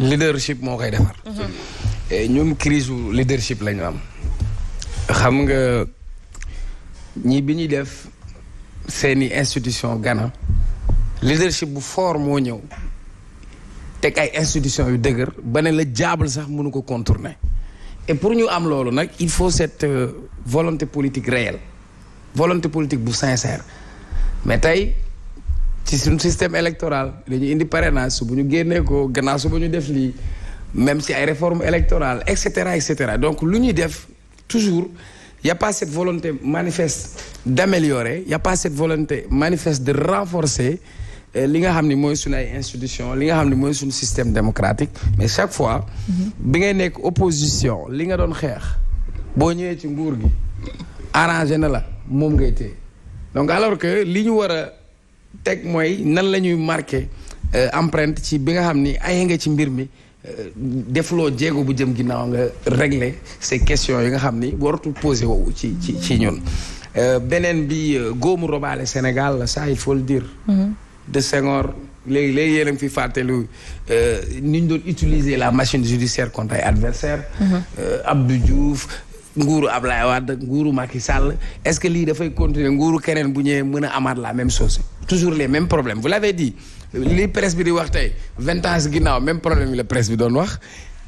leadership moo koy defar. Eh, ñun crise leadership la ñu am. xam nga ñii bi ñuy def seeni institution gana leadership bu foor moo ñëw teg ay institution yu dëgër ba ne la jaabal sax mënu ko contourner et pour ñu am loolu nag il faut cette euh, volonté politique réelle volonté politique bu sincère mais tey. ci suñu système électoral dañu indi parrainage bu ñu génnee ko gannaaw su bu ñu def lii même si ay réformes électorales et cetera et cetera donc lu ñuy def toujours y a pas volonté manifeste d'améliorer y a pas cette volonté manifeste de renforcer euh, li nga xam ni mooy suñu ay institution li nga xam ni mooy suñu système démocratique mais chaque fois bi ngay nekk opposition li nga doon xeex boo ñëwee ci nguur gi arrangé na la moom ngay téye donc alors que li ñu war teg mooy nan la ñuy marqué euh, empreinte ci bi nga xam ni ay nga ci mbir mi euh, defuloo jéego bu jëm ginnaaw nga régler ces questions yi nga xam ni waratul posé wu ci ci ci ñun. Euh, beneen bi góomu robaale Sénégal la ça il faut le dire. Mm-hmm. de Senghor léegi léegi yéen a ngi fi fàttelu ni ñu doon utiliser la machine judiciaire contre ay adversaires. Mm-hmm. Abdou Diouf. nguuru Ablaye Wade nguuru Macky Sall est-ce que lii dafay continuer nguuru keneen bu ñëwee mën a amaat la même chose. toujours les mêmes problèmes vous l'avez dit li presse bi di wax tey vingt ans ginnaaw même problème la presse bi doon wax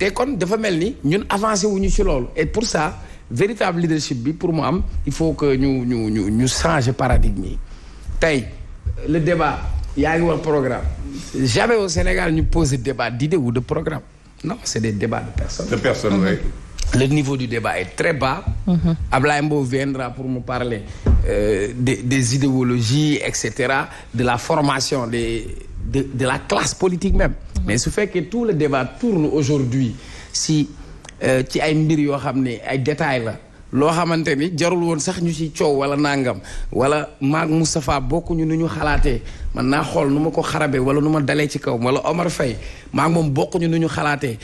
te kon dafa mel ni ñun avancé wuñu ci loolu et pour ça véritable leadership bi pour mu am il faut que ñu ñu ñu ñu changer paradigme yi tey le débat yaa ngi wax programme jamais au Sénégal ñu poser débat d'idée ou de programme non c'est des débats de personnes. de personnes le niveau du débat est très bas. Mm-hmm. Ablaye Mbow viendra pour euh, des, des idéologies et cetera de la formation des de de la classe politique même. Mm -hmm. mais su fekkee tout le débat tourne aujourd'hui si euh, ci ay mbir yoo xam ne ay détails la. loo xamante ni jarul woon sax ñu ci coow wala nangam wala maag Moustapha bokkuñu nu ñu xalaatee man naa xool nu ma ko xarabee wala nu ma dalee ci kaw wala Omar Faye maag moom bokkuñu nu ñu xalaatee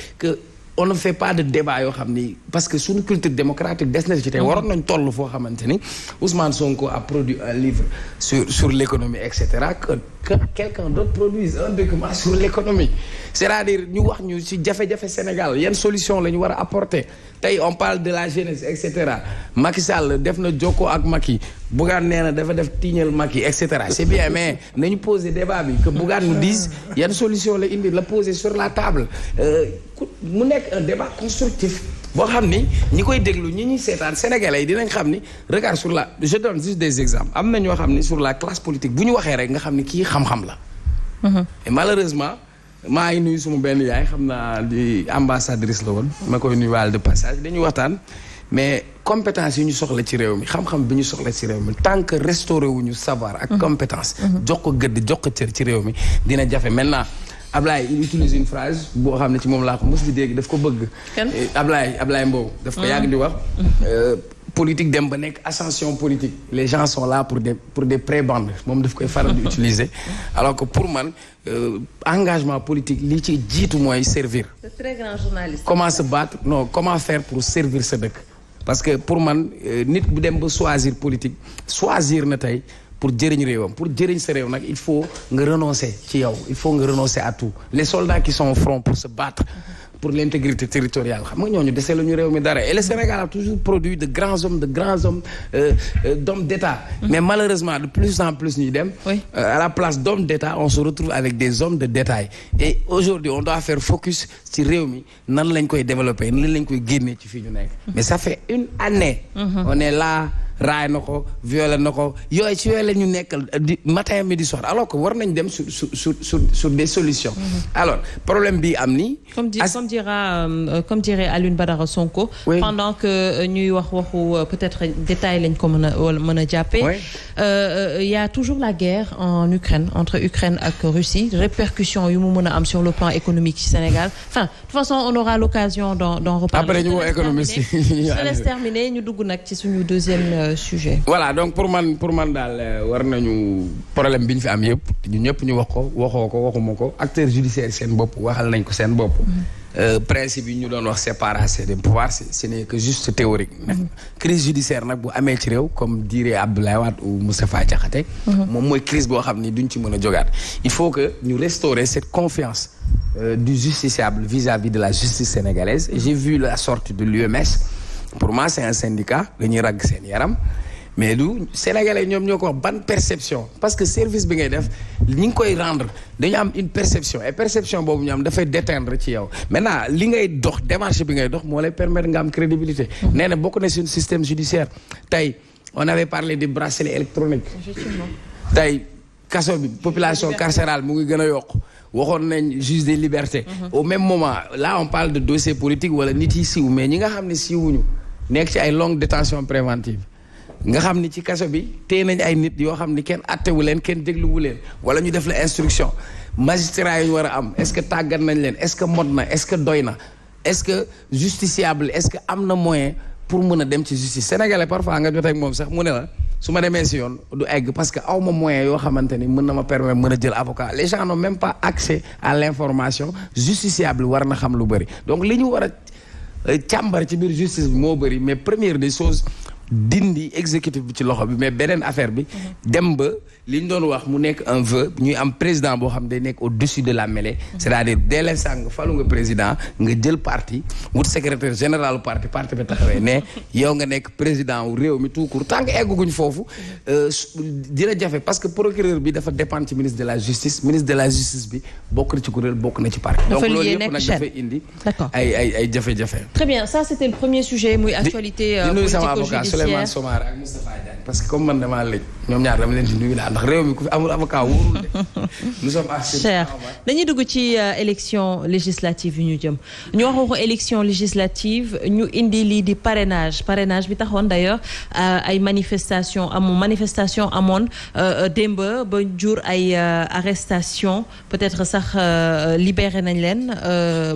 on ne fait pas de débat yoo xam ni parce que suñu culture démocratique des na ci tey mm-hmm. waroon nañ toll foo xamante ni Ousmane Sonko a produit un livre sur sur l'économie et cetera que que quelqu'un d'autre produise un document sur l'économie c'est-à-dire ñu wax ñu ci jafe-jafe Sénégal yan solution la ñu war a apporter tey on parle de la jeunesse et cetera Macky Sall def na jokkoo ak Macky Bougane nee na dafa def tiñal Macky et cetera c' est mais nañu poser débat bi que Bougane nous dise yan solution la indi la poser sur la table euh, mu nekk un débat constructif boo xam ni ñi koy déglu ñi ñuy seetaan sénégalais yi dinañ xam ni regard sur la je donne juste des exemples am na ñoo xam ni sur la classe politique bu ñu waxee rek nga xam ni kii xam-xam la. Mhm. et malheureusement maa ngi nuyu suma benn yaay xam naa di ambassadrice la woon. ma koy nuyuwaale de passage compétence yi ñu soxla ci réew mi xam-xam bi ñu soxla ci réew mi tant que restauré wu ñu saboir ak mhm. compétence mhm. jox ko gëdd jox ko cër ci réew mi dina jafe maintenant Ablaye il utilise une phrase boo xam ne ci moom laa ko mos di dégg daf ko bëgg Ablaye Ablaye Mbow daf ko yàgg di wax mhm. euh, politique dem ba nekk ascension politique les gens sont là pour des pour des prébandes moom daf koy faral di utiliser alors que pour man euh, engagement politique li ci jiitu mooy servir. C'est très grand journaliste. comment se battre non comment faire pour servir sa dëkk. parce que pour man euh, nit bu dem ba choisir politique choisir na tey pour jëriñ réewam pour jëriñ sa réew nag il faut nga renoncer ci yow il faut nga renoncer à tout les soldats qui sont au front pour se battre pour l'intégrité territoriale xam nga ñooñu dese la ñu réew mi dara et le Sénégal a toujours produit de grands hommes de grands hommes euh, euh, d'hommes d'État mhm. mais malheureusement de plus en plus ñuy dem oui. euh, à la place d'hommes d'État on se retrouve avec des hommes de détail et aujourd'hui on doit faire focus ci réew mi nan lañ koy développer nan lañ koy génnee ci fii ñu nekk mhm. mais ça fait une année mhm. on est là raay na ko violé na ko yooyu ci yooyu la ñu nekkal di matin midi soir alors que war nañ dem sur des solutions. Mm-hmm. alors problème bi am ni comme di comme dira euh, euh, comme dirait Alioune Badara Sonko. pendant que euh, ñuy wax waxu peut-être détail lañ ko mën a wala mën a jàppee. y a toujours la guerre en Ukraine entre Ukraine ak Russie répercussions yu mu mën am sur le plan économique ci Sénégal enfin de toute façon on aura l'occasion d'en reparler. après ñu woo économiste ñu dugg nag ci suñu deuxième. sujet. voilà donc pour man pour man daal euh, war nañu problème bi ñu fi am yëpp ñun ñëpp ñu wax ko waxoo ko waxuma ko acteur judiciaire seen bopp waxal nañ ko seen bopp. Mm-hmm. Euh, principe yi ñu doon wax séparation des pouvoirs ce n'est que juste théorique. Mm-hmm. crise judiciaire nag bu amee ci réew comme dirait Abdoulaye ou Moustapha Diakhaté. Mm-hmm. moom mooy crise boo xam ni duñ ci mën a jogaat. il faut que ñu restaurer cette confiance euh, du justiciable vis-à-vis de la justice sénégalaise pour moi c'est un syndicat dañuy ragg seen yaram mais du sénégalais ñoom ñoo ko wax ban perception parce que service bi ngay def ñi ngi koy rendre dañu am une perception et perception boobu ñu am dafay déteindre ci yow maintenant li ngay dox démarche bi ngay dox moo lay permettre nga am crédibilité nee na bokk na suñu système judiciaire tey on avait parlé du bracelet électronique tey kaso bi population carcérale mu ngi gën a yokk waxoon nañ juge des libertés mhm. même moment là on de dossier wala nit yi siiw mais ñi nga xam ne siiwuñu nekk ci ay longue détention préventive nga xam ni ci kaso bi téye nañ ay nit yoo xam ni kenn attewu leen kenn dégluwu leen wala ñu def la instruction magistrat yi ñu war a am est-ce que tàggat nañ leen est-ce que mot na est-ce que doy na est-ce que justiciable est-ce que am na moyen pour mën a dem ci justice sénégalais parfois nga jot ak moom sax mu ne la su ma demee si yoon du egg parce que aw ma moyen yoo xamante ni mën na ma permettre mën a jël avocat les gens n'ont même pas accès à l'information justiciable war na xam lu bëri donc li ñu war a Euh, càmbar ci biir justice bi moo bëri mais première des choses dindi exécutif bi ci loxo bi mais beneen affaire bi. dem ba li ñu doon wax mu nekk un vœu ñuy am président boo xam day nekk au-dessus de la mêlée. c'est-à-dire dès l'instant nga falu nga président nga jël parti wut secrétaire général parti parti bi taxawee ne yow nga nekk président wu réew mi tout court tant que egguñu foofu euh, dina jafe parce que procureur bi dafa dépendre ci ministre de la justice ministre de la justice bi bokk na ci kuréel bokk na ci parti. Souleymane Soumaré ak Moustapha Diagne parce que comme man damaa lëj ñoom ñaar dama leen di nuyu laa ndax mi ku fi amul avocat wóorul de nous sommes dañuy dugg ci euh, élection législative yu ñu jëm ñu wax waxu élection législative ñu indi lii di parenage parrainage bi taxoon d'ailleurs euh, ay manifestation amoon manifestation amoon euh, démb ba jur ay arrestation peut-être sax libéré nañ leen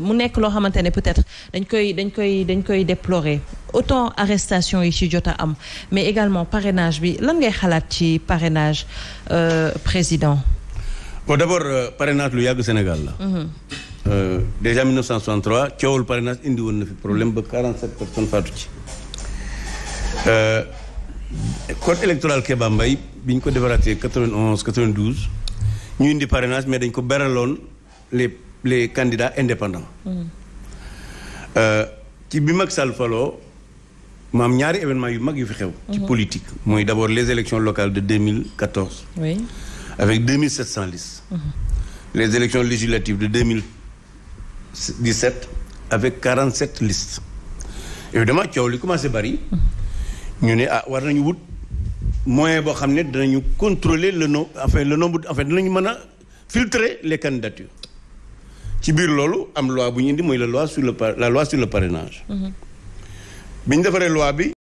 mu nekk loo xamante ne peut-être dañ koy dañ koy dañ koy déplorer autant arrestation yi ci jot a am mais également parrainage bi lan ngay xalaat ci parrainage euh, président. bon d' abord euh, parrainage lu yàgg Sénégal la. Mhm. Euh, déjà 1963 coowul parrainage indi woon na fi problème ba 47 personnes faatu ci. code électoral Kéba Mbaye bi ñu ko defaraatee 91 92 ñu indi parrainage mais dañ ko beraloon les les candidats indépendants. Mhm. ci bi Macky Sall faloo mu am ñaari événement yu mag yu fi xew. ci mhm. politique mooy d' abord les élections locales de 2014. oui avec 2700 listes. Mhm. les élections législatives de 2017 avec 47 listes. évidemment coow li commencé bari. Mhm. ñu ne ah war nañu wut moyen boo xam ne danañu contrôler le nom enfin le nombre enfin danañu mën a filtrer les candidatures. ci biir loolu am loi bu ñu indi mooy la loi sur le la loi sur le parrainage. bi ñu defaree loi bi